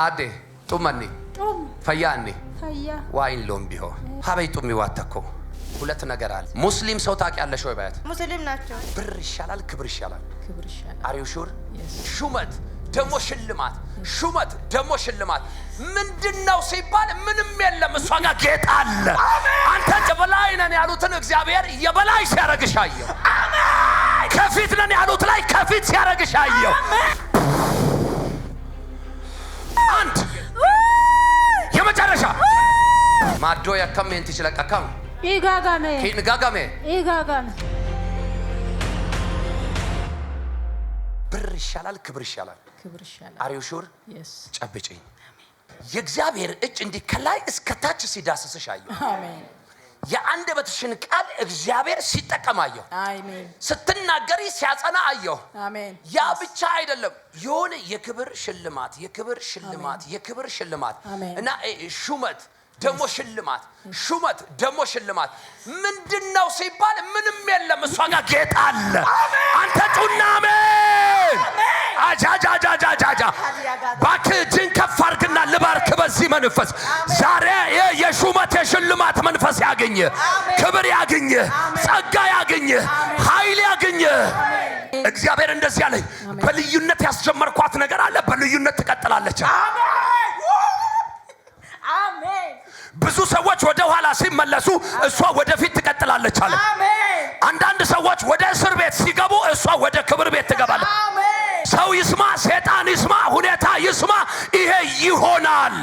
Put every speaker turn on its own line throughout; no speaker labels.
አዴ xummanni fayyaanni ዋይን ሎም ቢሆን ሀበይቱ የሚዋተኮ ሁለት ነገር አለ። ሙስሊም ሰው ታውቂያለሽ ወይ? ባያት
ሙስሊም ናቸው።
ብር ይሻላል፣ ክብር ይሻላል። አሪው ሹር ሹመት ደሞ ሽልማት፣ ሹመት ደሞ ሽልማት ምንድን ነው ሲባል ምንም የለም፣ እሷ ጋር ጌጥ አለ። አንተ የበላይ ነን ያሉትን እግዚአብሔር የበላይ ሲያረግሽ አየሁ። ከፊት ነን ያሉት ላይ ከፊት ሲያረግሽ አየሁ። አንድ የመጨረሻ ማዶ ያከሜን ትችለቀከም ኢጋጋሜ ኪንጋጋሜ ኢጋጋሜ ብር ይሻላል፣ ክብር ይሻላል። አሪው ሹር ጨብጭኝ የእግዚአብሔር እጅ እንዲህ ከላይ እስከታች ሲዳስስሽ አየሁ። የአንደበትሽን ቃል እግዚአብሔር ሲጠቀም አየሁ። ስትናገሪ ሲያጸና አየሁ። ያ ብቻ አይደለም፣ የሆነ የክብር ሽልማት የክብር ሽልማት የክብር ሽልማት እና ሹመት ደሞ ሽልማት ሹመት ደሞ ሽልማት ምንድን ነው ሲባል ምንም የለም። እሷ ጋር ጌጥ አለ አንተ ጃጃጃጃጃጃ ባክህ እጅን ከፍ አድርግና ልባርክ። በዚህ መንፈስ ዛሬ የሹመት የሽልማት መንፈስ ያገኝ ክብር ያገኝ ጸጋ ያገኝ ኃይል ያገኝ እግዚአብሔር እንደዚህ አለኝ፣ በልዩነት ያስጀመርኳት ነገር አለ፣ በልዩነት ትቀጥላለች። ብዙ ሰዎች ወደ ኋላ ሲመለሱ እሷ ወደፊት ትቀጥላለች አለ። አንዳንድ ሰዎች ወደ እስር ቤት ሲገቡ እሷ ወደ ክብር ቤት ትገባለች። ሰው ይስማ፣ ሴጣን ይስማ፣ ሁኔታ ይስማ፣ ይሄ ይሆናል፣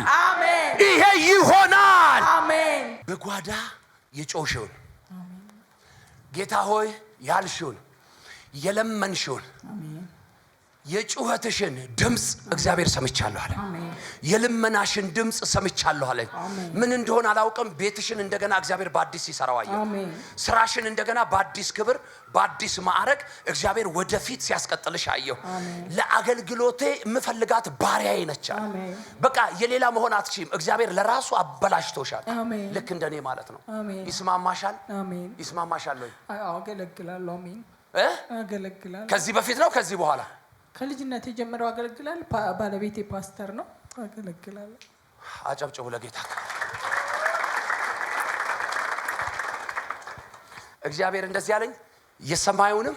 ይሄ ይሆናል። በጓዳ የጮሽውን ጌታ ሆይ ያልሽውን የለመንሽውን የጩኸትሽን ድምፅ እግዚአብሔር ሰምቻለሁ አለ። የልመናሽን ድምፅ ሰምቻለሁ አለ። ምን እንደሆነ አላውቅም። ቤትሽን እንደገና እግዚአብሔር በአዲስ ይሰራዋየሁ። ስራሽን እንደገና በአዲስ ክብር፣ በአዲስ ማዕረግ እግዚአብሔር ወደፊት ሲያስቀጥልሽ አየሁ። ለአገልግሎቴ የምፈልጋት ባሪያዬ ነች በቃ የሌላ መሆን አትችም። እግዚአብሔር ለራሱ አበላሽቶሻል። ልክ እንደኔ ማለት ነው። ይስማማሻል? ይስማማሻል ወይ?
አገለግላለሁ።
ከዚህ በፊት ነው ከዚህ በኋላ
ከልጅነት የጀመረው አገለግላል። ባለቤቴ ፓስተር ነው፣ አገለግላል።
አጨብጭቡ ለጌታ። እግዚአብሔር እንደዚህ ያለኝ የሰማዩንም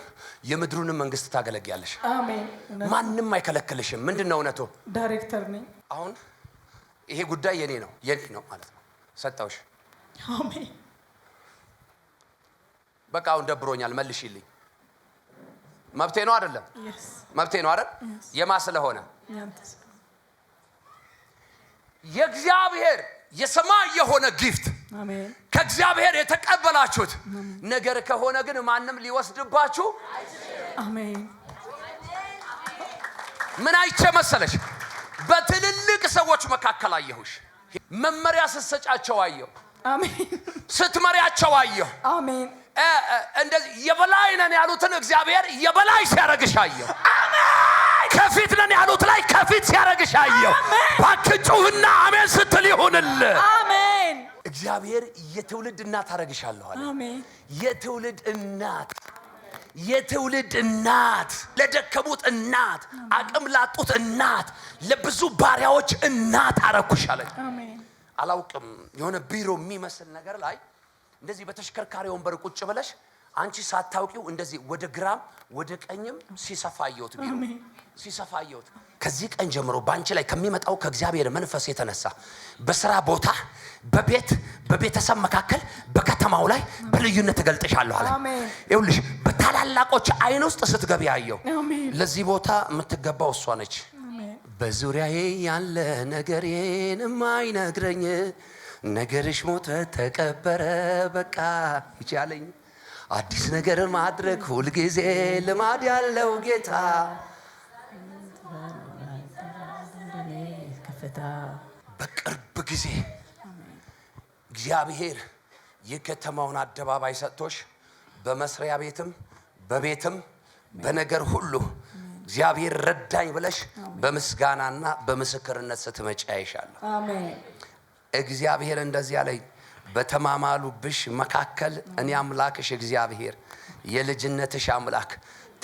የምድሩንም መንግስት ታገለግያለሽ። አሜን። ማንም አይከለክልሽም። ምንድን ነው እውነቱ?
ዳይሬክተር ነኝ።
አሁን ይሄ ጉዳይ የኔ ነው የኔ ነው ማለት ነው። ሰጣውሽ። አሜን። በቃ አሁን ደብሮኛል፣ መልሽልኝ መብቴ ነው አይደለም? መብቴ ነው አይደል? የማ ስለሆነ የእግዚአብሔር የሰማይ የሆነ ጊፍት ከእግዚአብሔር የተቀበላችሁት ነገር ከሆነ ግን ማንም ሊወስድባችሁ። ምን አይቼ መሰለሽ? በትልልቅ ሰዎች መካከል አየሁሽ። መመሪያ ስትሰጫቸው አየሁ። አሜን። ስትመሪያቸው አየሁ። አሜን። እንደዚህ የበላይ ነን ያሉትን እግዚአብሔር የበላይ ሲያረግሽ አየሁ። ከፊት ነን ያሉት ላይ ከፊት ሲያረግሽ አየሁ። ባክጩህና አሜን ስትል ይሁንል። እግዚአብሔር የትውልድ እናት አረግሻለሁ አለ። የትውልድ እናት የትውልድ እናት ለደከሙት እናት፣ አቅም ላጡት እናት፣ ለብዙ ባሪያዎች እናት አረኩሻለች። አላውቅም የሆነ ቢሮ የሚመስል ነገር ላይ እንደዚህ በተሽከርካሪ ወንበር ቁጭ ብለሽ አንቺ ሳታውቂው እንደዚህ ወደ ግራም ወደ ቀኝም ሲሰፋ አየሁት፣ ቢሮ ሲሰፋ አየሁት። ከዚህ ቀን ጀምሮ በአንቺ ላይ ከሚመጣው ከእግዚአብሔር መንፈስ የተነሳ በስራ ቦታ፣ በቤት በቤተሰብ መካከል፣ በከተማው ላይ በልዩነት እገልጥሻለሁ አለ። ይኸውልሽ በታላላቆች አይን ውስጥ ስትገቢ አየው። ለዚህ ቦታ የምትገባው እሷ ነች። በዙሪያዬ ያለ ነገሬንም አይነግረኝ ነገርሽ ሞተ ተቀበረ በቃ ይቻለኝ አዲስ ነገር ማድረግ ሁልጊዜ ልማድ ያለው ጌታ በቅርብ ጊዜ እግዚአብሔር የከተማውን አደባባይ ሰጥቶሽ በመስሪያ ቤትም በቤትም በነገር ሁሉ እግዚአብሔር ረዳኝ ብለሽ በምስጋናና በምስክርነት ስትመጪ አይሻለሁ። እግዚአብሔር እንደዚህ አለኝ፣ በተማማሉብሽ መካከል እኔ አምላክሽ እግዚአብሔር የልጅነትሽ አምላክ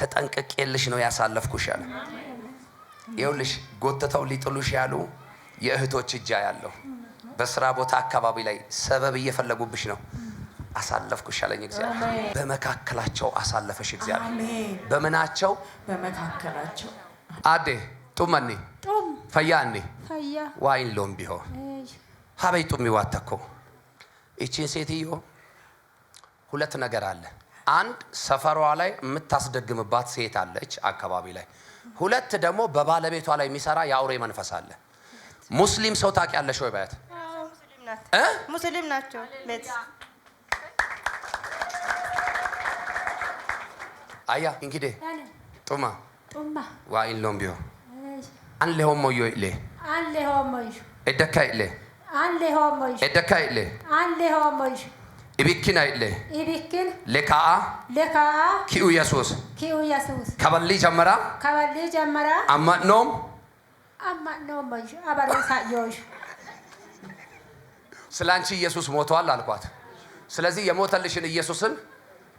ተጠንቅቄልሽ ነው ያሳለፍኩሽ አለ። ይኸውልሽ ጎትተው ሊጥሉሽ ያሉ የእህቶች እጃ ያለው በስራ ቦታ አካባቢ ላይ ሰበብ እየፈለጉብሽ ነው። አሳለፍኩሽ አለኝ እግዚአብሔር። በመካከላቸው አሳለፈሽ እግዚአብሔር። በምናቸው
በመካከላቸው
አዴ ጡመኔ ፈያኔ ዋይን ሎም ቢሆን ሀበይቱ የሚዋት እኮ ይቺን ሴትዮ ሁለት ነገር አለ። አንድ ሰፈሯ ላይ የምታስደግምባት ሴት አለች አካባቢ ላይ። ሁለት ደግሞ በባለቤቷ ላይ የሚሰራ የአውሬ መንፈስ አለ። ሙስሊም ሰው ታውቂያለሽ ወይ? ባያት
ሙስሊም ናቸው።
አያ እንግዲህ ጡማ ዋኢን ሎምቢዮ አንሌሆሞዮ ኢሌ
አንሌሆሞዮ
እደካ ኢሌ ኤደካ ኢሌ ኢቢኪን ኢሌ ሌካአ ኪኡ የሱስ ከበሊ ጀመራ አማኖም ስለ አንቺ ኢየሱስ ሞተዋል አልኳት። ስለዚህ የሞተልሽን ኢየሱስን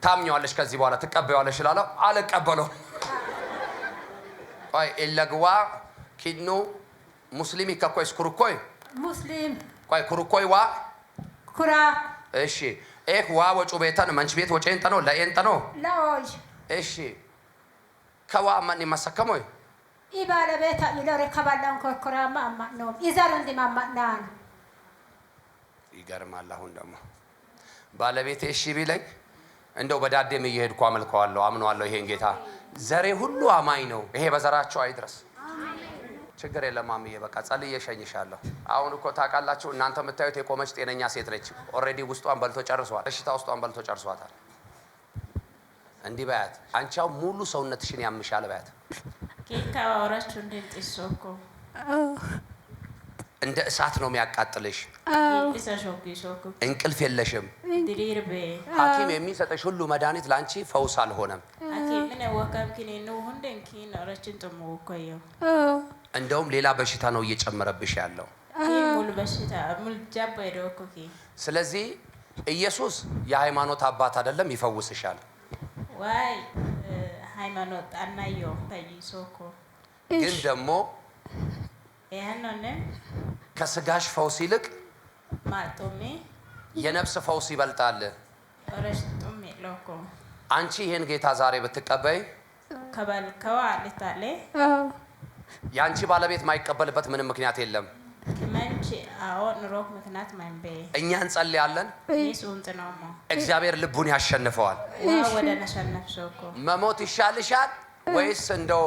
ታምኘዋለሽ ከዚህ በኋላ ትቀበዋለሽ እላለሁ። አልቀበለውም። ኤለግዋ ኪኑ ሙስሊም ከኮይ ስኩርኮይ ሙስሊም ቆይ ኩርኮይ ዋ ኩራ እሺ ኤክ ዋ ወጩ ቤተ መንች ቤት ወጨን ጠኖ ለኤን ለኦይ እሺ ከዋ ማን ማሰከሞይ
ኢባለ ቤታ ኢለረ ከባላን ኮርኮራ ማማ ነው ኢዛር እንዲ ማማ
ይገርማል። አሁን ደግሞ ባለቤቴ እሺ ቢለኝ እንደው በዳዴም እየሄድኩ አመልከዋለሁ፣ አምነዋለሁ። ይሄን ጌታ ዘሬ ሁሉ አማኝ ነው። ይሄ በዘራቸው አይድረስ። ችግር የለም ማምዬ፣ በቃ ጸልዬ እሸኝሻለሁ። አሁን እኮ ታውቃላችሁ እናንተ የምታዩት የቆመች ጤነኛ ሴት ነች። ኦልሬዲ ውስጧን በልቶ ጨርሷል። በሽታ ውስጧን በልቶ ጨርሷታል። እንዲህ በያት፣ አንቻው ሙሉ ሰውነትሽን ያምሻል በያት።
ከባወራችሁ ባወራችሁ እንደ ጢስ እኮ
እንደ እሳት ነው የሚያቃጥልሽ። እንቅልፍ የለሽም። ሐኪም የሚሰጠሽ ሁሉ መድኃኒት ለአንቺ ፈውስ አልሆነም። እንደውም ሌላ በሽታ ነው እየጨመረብሽ ያለው። ስለዚህ ኢየሱስ የሃይማኖት አባት አይደለም፣ ይፈውስሻል። ግን ደግሞ ከስጋሽ ፈውስ ይልቅ የነፍስ ፈውስ ይበልጣል። አንቺ ይህን ጌታ ዛሬ ብትቀበይ የአንቺ ባለቤት ማይቀበልበት ምንም ምክንያት የለም። እኛ እንጸልያለን፣ እግዚአብሔር ልቡን ያሸንፈዋል። መሞት ይሻልሻል ወይስ እንደው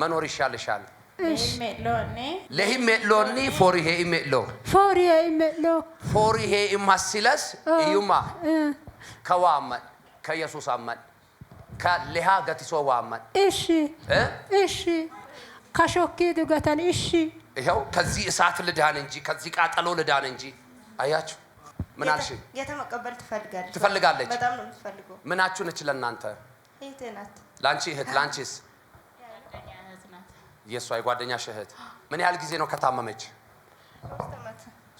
መኖር ይሻልሻል? ለሂሜሎኒ ፎሪሄ ኢሜሎ
ፎሪሄ ኢሜሎ
ፎሪሄ ኢማሲለስ እዩማ ከዋ አመን ከኢየሱስ አመን ከሌሃ ገቲሶ ዋ አመን
እሺ እሺ ካሾኬ ድገተን እሺ፣
ይኸው ከዚህ እሳት ልዳን እንጂ ከዚህ ቃጠሎ ልዳን እንጂ። አያችሁ ምን አልሽ?
ጌታ መቀበል ትፈልጋለች ትፈልጋለች። በጣም ነው የምትፈልገው።
ምናችሁ ነች? ለእናንተ እህቴ ናት። ለአንቺ እህት፣ ለአንቺስ? የእሷ የጓደኛሽ እህት። ምን ያህል ጊዜ ነው ከታመመች?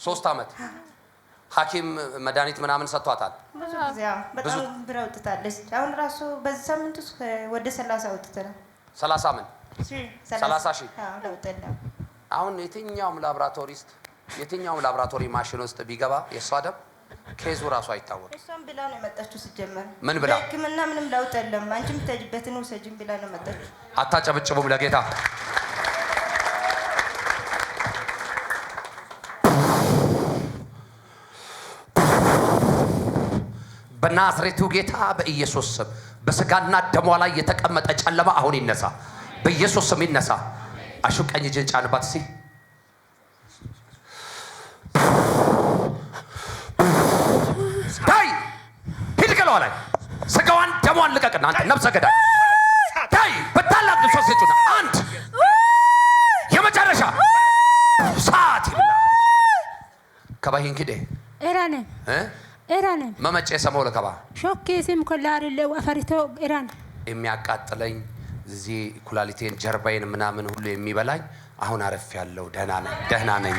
ሶስት አመት ሐኪም መድኃኒት ምናምን ሰጥቷታል።
ብዙ ጊዜ በጣም ብር አውጥታለች። አሁን ራሱ በዚህ ሳምንት ውስጥ ወደ ሰላሳ አውጥተናል።
ሰላሳ ምን ሰላሳ ሺህ አሁን የትኛውም ላብራቶሪ የትኛውም ላብራቶሪ ማሽን ውስጥ ቢገባ የእሷ ደም ኬዙ ራሱ አይታወቅም። እሷም ብላ ነው ምን ብላ
ሕክምና ምንም ለውጥ የለም። አንቺ የምትሄጂበትን ውሰጂም ብላ ነው የመጣችሁ።
አታጨበጭቡም ለጌታ በናዝሬቱ ጌታ በኢየሱስ ስም በስጋና ደሟ ላይ የተቀመጠ ጨለማ አሁን ይነሳ። በኢየሱስ ስም ይነሳ። አሹ ቀኝ እጅን ጫንባት ሲ ታይ ሂድ ላይ ስጋዋን ደሟን ልቀቅና አንተ ነብሰ ገዳይ ታይ በታላቅ ንሶስ ጭና አንድ የመጨረሻ ሰዓት ይብላ ከባይ እንግዲህ
ኤራነ ኤራነ
መመጨ ሰማው ለከባ
ሾኬ ስም ለው አፈሪቶ ኤራን
የሚያቃጥለኝ እዚህ ኩላሊቴን ጀርባዬን ምናምን ሁሉ የሚበላኝ አሁን አረፍ ያለው ደህና ነኝ።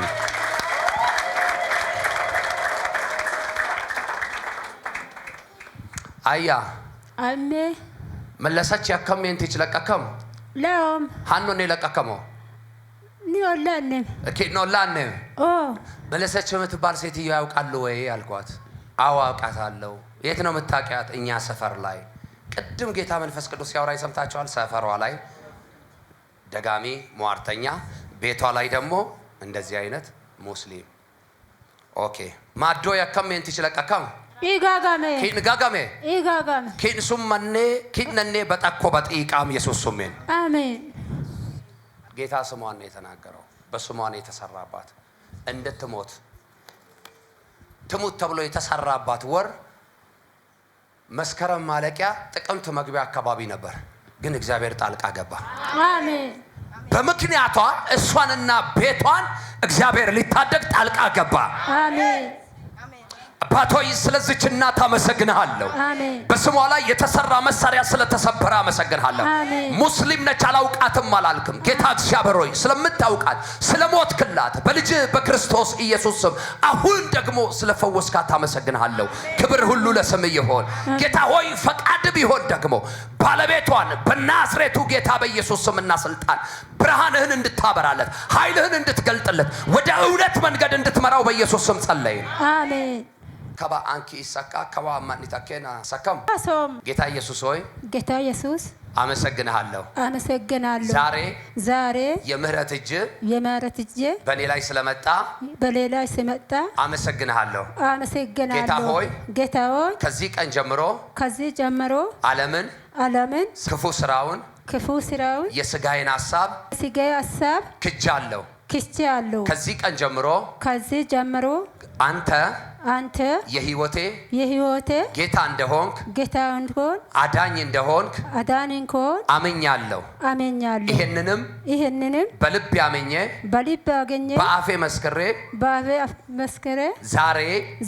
አያ አሜ መለሰች ያከም ንቲች ለቀከም ለም ሀኖኔ ለቀከሞ ኖላን መለሰች የምትባል ሴትዮ ያውቃሉ ወይ አልኳት። አዎ አውቃታለሁ። የት ነው የምታውቂያት? እኛ ሰፈር ላይ ቅድም ጌታ መንፈስ ቅዱስ ሲያወራ ይሰምታቸዋል። ሰፈሯ ላይ ደጋሚ ሟርተኛ፣ ቤቷ ላይ ደግሞ እንደዚህ አይነት ሙስሊም። ኦኬ ማዶ የከሜን ትችለቀከም ኢጋጋሜ ጋጋሜ ኢጋጋሜ በጠኮ ኢየሱስ ሱሜን አሜን። ጌታ ስሟን ነው የተናገረው። በስሟን የተሰራባት እንድትሞት ትሙት ተብሎ የተሰራባት ወር መስከረም ማለቂያ ጥቅምት መግቢያ አካባቢ ነበር፣ ግን እግዚአብሔር ጣልቃ ገባ። በምክንያቷ እሷንና ቤቷን እግዚአብሔር ሊታደግ ጣልቃ ገባ። አባቶይ ስለዚች እናት አመሰግንሃለሁ። በስሟ ላይ የተሰራ መሳሪያ ስለተሰበረ አመሰግንሃለሁ። ሙስሊም ነች አላውቃትም አላልክም። ጌታ እግዚአብሔር ሆይ ስለምታውቃት ስለሞትክላት በልጅ በክርስቶስ ኢየሱስ ስም አሁን ደግሞ ስለፈወስካት አመሰግንሃለሁ። ክብር ሁሉ ለስም ይሆን ጌታ ሆይ ፈቃድ ቢሆን ደግሞ ባለቤቷን በናዝሬቱ ጌታ በኢየሱስ ስምና ስልጣን ብርሃንህን እንድታበራለት ኃይልህን እንድትገልጥለት ወደ እውነት መንገድ እንድትመራው በኢየሱስ ስም ጸለይ። ከባ አንኪ ይሰካ ከባ ማን ሰከም አሶም ጌታ ኢየሱስ ሆይ
ጌታ ኢየሱስ
አመሰግናለሁ
አመሰግናለሁ። ዛሬ ዛሬ የምህረት እጅ የምህረት እጅ
በኔ ላይ ስለመጣ
በኔ ላይ ስለመጣ
አመሰግናለሁ
አመሰግናለሁ። ጌታ ሆይ ጌታ ሆይ
ከዚህ ቀን ጀምሮ
ከዚህ ጀምሮ ዓለምን ዓለምን
ክፉ ስራውን
ክፉ ስራውን
የስጋዬን ሐሳብ
ስጋዬ ሐሳብ ክጃለሁ ክጃለሁ።
ከዚህ ቀን ጀምሮ
ከዚህ ጀምሮ አንተ አንተ የህይወቴ የህይወቴ
ጌታ እንደሆንክ
ጌታ እንደሆን
አዳኝ እንደሆንክ
አዳኝ እንደሆን
አመኛለሁ አመኛለሁ። ይሄንንም ይሄንንም በልብ ያመኘ
በልብ ያገኘ
በአፌ መስክሬ
በአፌ መስክሬ ዛሬ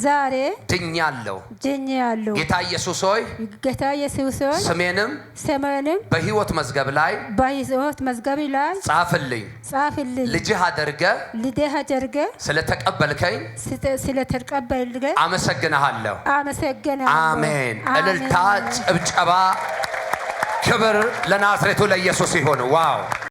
ዛሬ
ድኛለሁ
ድኛለሁ።
ጌታ ኢየሱስ ሆይ
ጌታ ኢየሱስ ሆይ ስሜንም ስሜንም
በህይወት መዝገብ ላይ
በህይወት መዝገብ ላይ ጻፍልኝ ጻፍልኝ
ልጅህ አድርገህ
ልጅህ አድርገህ
ስለተቀበልከኝ
ስለተቀበል ፈልገን
አመሰግናለሁ።
አመሰግናለሁ።
አሜን። እልልታ፣ ጭብጨባ፣ ክብር ለናዝሬቱ ለኢየሱስ ይሁን። ዋው